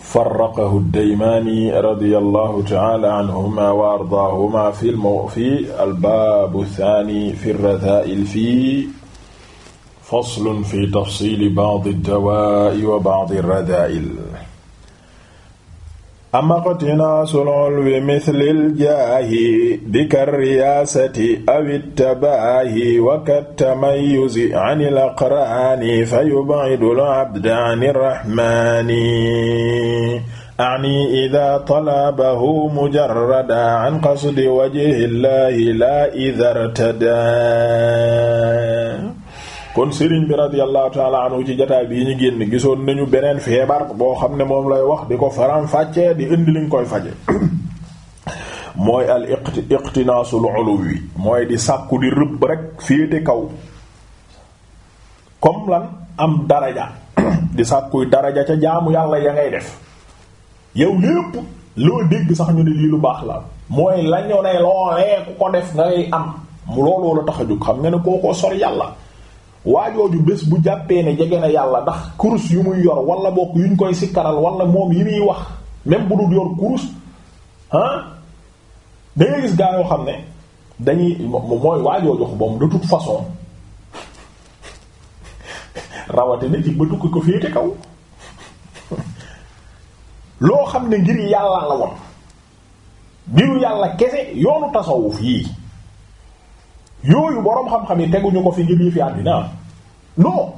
farraqahu ddaymaani radiyallahu ta'ala anhuma wa ardaahuma fi fi albaabu thaani fi rrasaa'il fi faslun fi tafsiili ba'di ddawaa'i wa ba'di rrasaa'il amaqtinaa sulol wi mithlil jaahi bikarriyaasati awittabaahi wakattamayuzi an il aqraani fa yub'idul abda an irrahmaani ani ida talabahu mujarrada an qasdi wajhillahi laa idartada kon sëriñ bi radiyallahu taala ci jataay bii ñu génn gisoon nañu beneen feebar boo xam ne moom lay wax di ko faram fàccee di indi liñ koy faje mooy al iqti iqtinaasul uluwi mooy di sàkku di rëbb fii féete kaw comme lan am daraja di sàkkuy daraja ca jaamu yàlla ya ngay def yow lépp loo dégg sax ñu ne lii lu baax la mooy lañu ne loolee ku ko def ngay am looloo la tax a jóg xam nga ne koo ko sor yàlla waajooju bés bu jàppee ne jege na yàlla ndax kurus yu muy yor wala bokk yuñ koy sikkaral walla moom yi muy wax même bu dul yor kurus ah da ngay gis gaa yoo xam ne dañuy mooy waajooju moom de toute façon rawatina ci ba tukki ko féete kaw loo xam ne ngir yàlla la woon yàlla kese yoonu tasawuf yii yooyu boroom xam-xam yi teguñu ko fi ngir yi fi àddina non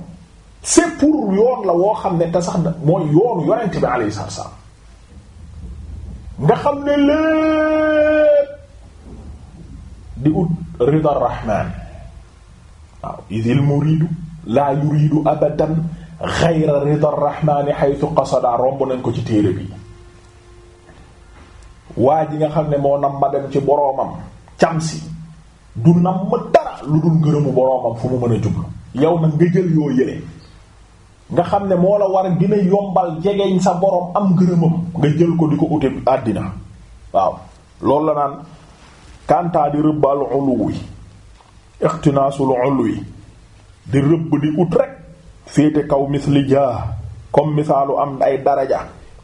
c'est yoon la woo xam ne te sax mooy yoonu yonent bi alayhi salaatu salaam nga xam ne lépp di ut rida rahman waaw idil muridu laa yuridu abadan xayra rida rahmani xaytu qasada romb nañ ko ci téere bi waa ji nga xam ne moo nam ma dem ci boroomam camsi du nam ma dara lu dul ngërëmu boroomam fu mu mën a jublu yow nag nga jël yoo yële nga xam ne moo la war a gën a yombal jegeñ sa borom am ngërëmam nga jël ko di ko ute àddina waaw loolu la naan kantaa di rëbb al uluwi ixtinaasul uluwi di rëbb di ut rek féete kaw misli jaa comme misaalu am ay daraja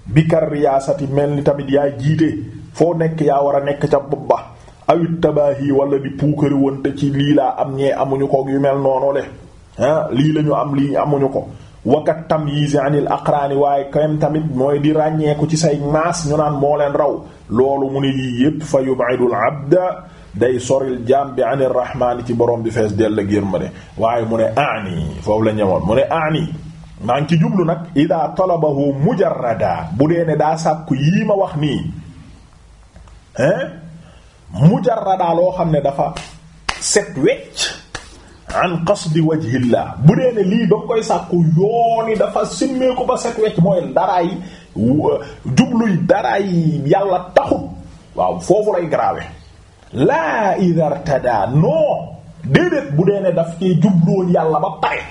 bikar riyaasati mel ni tamit yaa jiite foo nekk yaa war a nekk ca bopp ba awit tabaahi wala di puukari wonte ci lii laa am ñee amuñu ko yu mel noonu le lii lañu am lii amuñu ko wakat tamyiz anil aqraani waaye kaym tamit mooy di ràññeeku ci say maas ñu naan moo leen raw loolu mu ne yii yépp fa yub'idul abda day soril jaam bi anir rahmaani ci borom bi fees dell gërma ne waaye mu ne aani foofu la ñëwoon mu maa ngi ci jublu nag ida talabahu mujarrada bu dee ne daa sàkku yii ma wax nii hein mujarrada loo xam ne dafa set wecc an qasdi wajhillah bu dee ne lii da koy sàkku yooni dafa simmee ko ba set wecc mooy daraay jubluy daraay yàlla taxut waaw foofu lay grave laa idartada non déedéet bu dee ne daf cee jubloon yàlla ba pare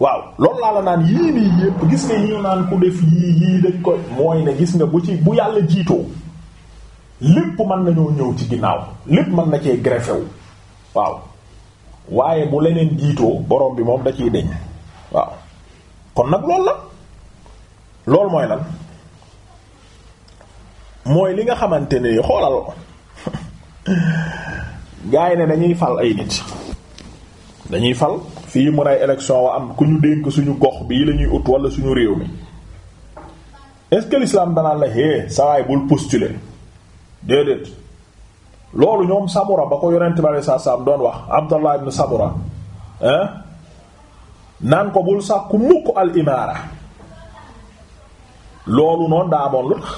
waaw loolu laa la naan yii nii yépp gis nga ñu naan ku def yii yii dañ mooy ne gis nga bu ci bu yàlla jiitoo lépp mën nañoo ñëw ci ginnaaw lépp mën na cee greffé wu waaw waaye bu leneen jiitoo borom bi moom da ciy deñ waaw kon nag loolu la loolu mooy lan mooy li nga xamante ne xoolal gaa ne dañuy fal ay nit dañuy fal fii mu ay élection wa am ku ñu dénk suñu gox bii la ñuy ut wala suñu réew mi est-ce que l'islam danaan la hé sawaay bul postuler déedéet loolu ñoom Samura ba ko yonent bi saa saam doon wax Abdallah ibn Samura hein naan ko bul sàkku mukk al imaara loolu noonu daa amoon lu tax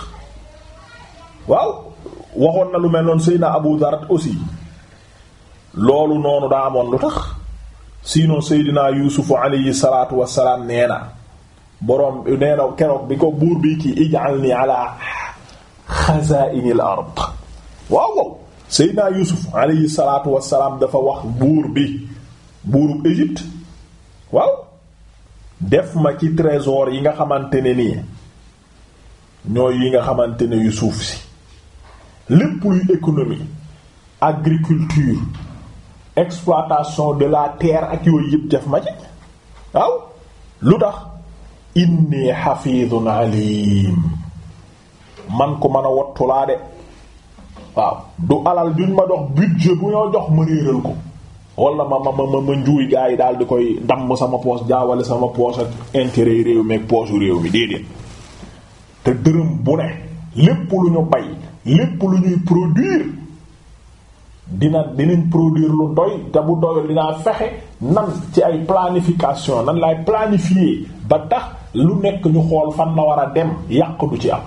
waaw waxoon na lu mel noonu Seydina Abu Dhar aussi loolu noonu daa amoon lu tax sinon Seydina Yuusufu alayhi salaatu wassalaam nee na boroom nee na keroog bi ko buur bi ki ij'alni ala xazaa'inil ard waaw waaw Seydina Yusuf alayhi salaatu wassalaam dafa wax buur bi buurub Égypte waaw def ma ci trésor yi nga xamante ne nii ñooy yi nga xamante ne yu suuf si lépp luy économie agriculture exploitation de la terre ak yooyu yëpp def ma ci waaw lu tax inni xafiidun alim man ko mën a wottulaa de waaw du alal duñ ma dox budget bu ñoo jox ma réeral ko wala ma ma ma ma njuuy gaa yi daal di koy damm sama poos jaawale sama poos ak intérêt réew mi ak poosu réew mi déedéet te dërëm bu ne lépp lu ñu bay lépp lu ñuy produire dina dinañ produire lu doy te bu doyul dinaa fexe nan ci ay planification nan laay planifier ba tax lu nekk ñu xool fan la war a dem yàq du ci am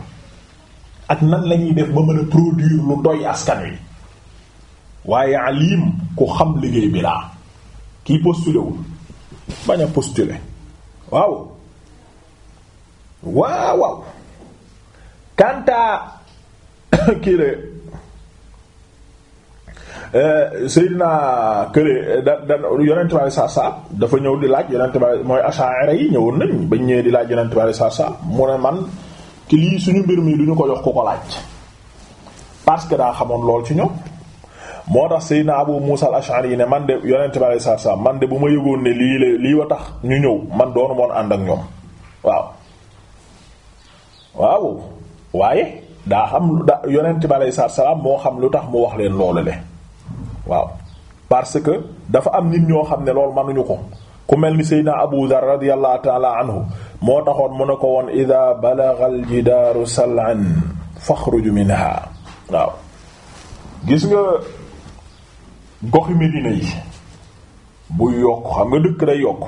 ak nan lañuy def ba mën a produire lu doy askan wi waaye alim ku xam liggéey bi laa kii postulé wul bañ a postulé waaw waaw waaw kanta kii le euh, Seydina Kële da da yonent bi saa saa dafa ñëw di laaj yonent bi mooy Ash'ari yi ñëwoon nañ bañ ñëwee di laaj yonent bi saa saa mu ne man. ki lii suñu mbir mii duñu ko jox ku ko laaj parce que daa xamoon lool ci ñoom moo tax Seydina Abu Musa al-Ash'ari ne man de yonent bi alayhi salaatu salaam man de bu ma yëgoon ne lii la lii wa tax ñu ñëw man doonu moon ànd ak ñoom waaw waaw waaye daa xam da yonent bi alayhi salaatu salaam moo xam lu tax mu wax leen loolu le waaw parce que dafa am nit ñoo xam ne loolu mënuñu ko ku mel ni Seydina Abu Dhar radiyallahu ta'ala anhu moo taxoon mu ne ko woon ida balagha al jidaaru sal'an fakhruj minha waaw gis nga goxi Medina yi buy yokk xam nga dëkk day yokk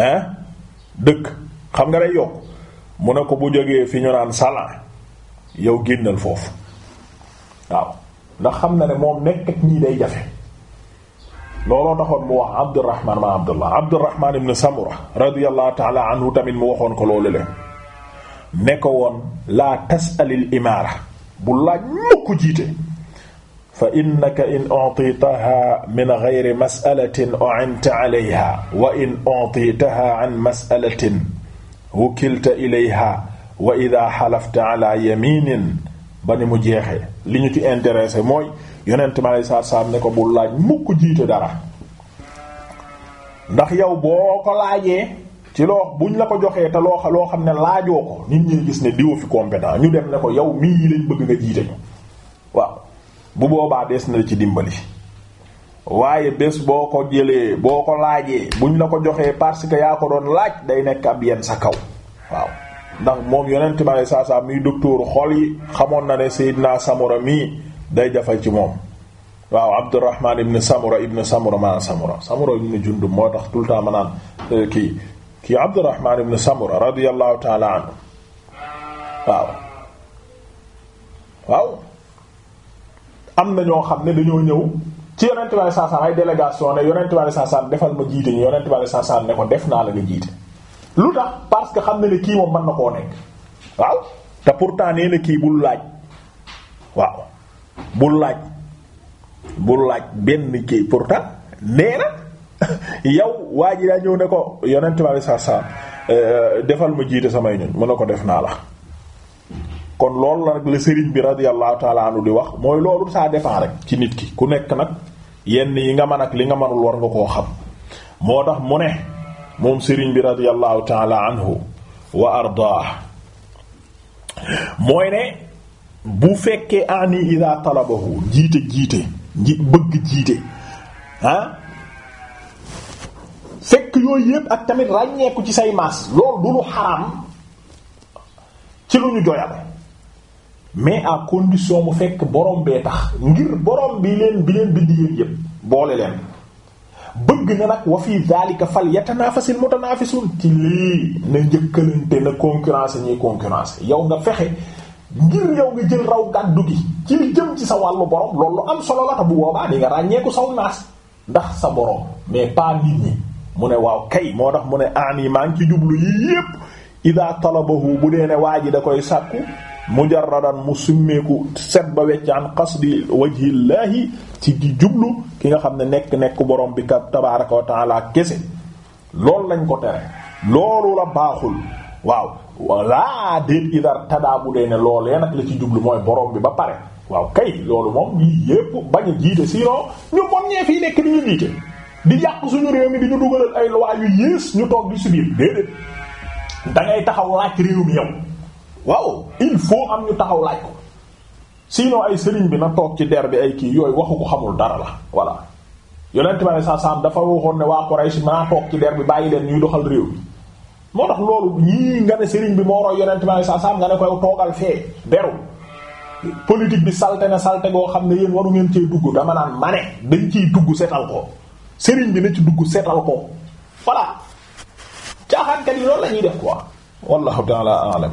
hein dëkk xam nga day yokk mu ne ko bu jógee fi ñu naan salaan yow génnal foofu waaw ndax xam na ne moom nekk ak ñii day jafe looloo taxoon mu wax Abdurrahman ma Abdullah Abdurrahman ibn Samura radiyallahu ta'ala anhu tamit mu waxoon ko loolu le ne ko woon laa tas'alil imaara bu laaj mukk jiite fa innaka in u'titaha min ghayri mas'alatin u'inta 'alayha wa in u'titaha 'an mas'alatin wukilta ilayha wa idha halafta 'ala yaminin ba ni mu jeexee li ñu ci intéressé mooy yeneen ma lay saat saam ne ko bul laaj mukk jiite dara ndax yow boo ko laajee ci loo buñ la ko joxee te loo xam ne laajoo ko nit ñi gis ne diwo fi compétent ñu dem ne ko yow mii lañ bëgg nga jiite ñu waaw bu boobaa des na ci dimbali waaye bés boo ko jëlee boo ko laajee buñ la ko joxee parce que yaa ko doon laaj day nekk ab yenn sa kaw waaw ndax moom yonent ma lay saat saam miy docteur xol yi xamoon na ne Seydina Samora mii day jafe ci moom waaw Abdurrahman ibn Samura ibn Samura maanaam Samura Samura ibn Jundub moo tax tout le temps ma naan euh, kii kii Abdurrahman ibn Samura radiyallahu ta'ala anhu waaw waaw am na ñoo xam ne dañoo ñëw ci yonent bi saa saa ay délégation ne yonent bi saa saa defal ma jiite ñu yonent bi saa ne ko def naa la nga jiite lu tax parce que xam na ne kii moom mën na koo nekk waaw te pourtant nee na kii bul laaj waaw bu laaj bu laaj benn kii pourtant nee na yow waa ji daa ñëw ne ko yonent ma saa saa defal ma jiite samay ñoñ mu ne ko def naa la kon loolu la rek la sëriñ bi radiyallahu taala anu di wax mooy loolu ça dépend rek ci nit ki ku nekk nag yenn yi nga man ak li nga manul war nga koo xam moo tax mu ne moom sëriñ bi radiyallahu taala anhu wa ardaah mooy ne bu fekkee ani ida talabahu jiite jiite ji bëgg jiite ah fekk yooyu yépp ak tamit ràññeeku ci say maas loolu du lu xaraam ci lu ñu joyal mais à condition mu fekk borom bee tax ngir borom bi leen bi leen bind yéen yépp boole leen bëgg na nag wa fii daalika fal yatanaafasil mutanaafisuun ci lii na njëkkalante na concurrence ñuy concurrence yow nga fexe ngir yow nga jël raw gàddu gi ci li jëm ci sa wàllu borom loolu am solo la te bu boobaa di nga ràññeeku saw naas ndax sa borom mais pas ñi mu ne waaw kay moo tax mu ne ani maa ngi ci jublu yii yépp ida talabahu bu dee ne waa ji da koy sàkku mujarradan mu summeeku set ba weccaan qasdi wajhillaahi ci di jublu ki nga xam ne nekk nekk borom bi kat tabaaraka wa taala kese loolu lañ ko tere loolu la baaxul waaw walla déet idar tadaa bu dee ne loolee nag la ci jublu mooy borom bi ba pare waaw kay loolu moom lii yépp bañ a jiite sinon ñu bon fii nekk di ñu jiite di yàq suñu réew mi di ñu dugalal ay loi yu ñu toog di subir déedéet da ngay taxaw laaj réew mi yow waaw il faut am ñu taxaw laaj ko sinon ay sëriñ bi na toog ci der bi ay kii yooyu waxu ko xamul dara la voilà yonent bi sallallahu alayhi wasallam dafa waxoon ne waa Quraysh mën naa toog ci der bi bàyyi leen ñuy doxal réew moo tax loolu yii nga ne sëriñ bi moo roy yonent bi saa saa nga ne koy toogal fee beru politique bi salte na salte goo xam ne yéen waru ngeen cee dugg dama naan mane dañ ciy dugg seetal ko sëriñ bi na ci dugg seetal ko voilà caaxaankat yi loolu la ñuy def quoi. wallahu ta'ala a'lam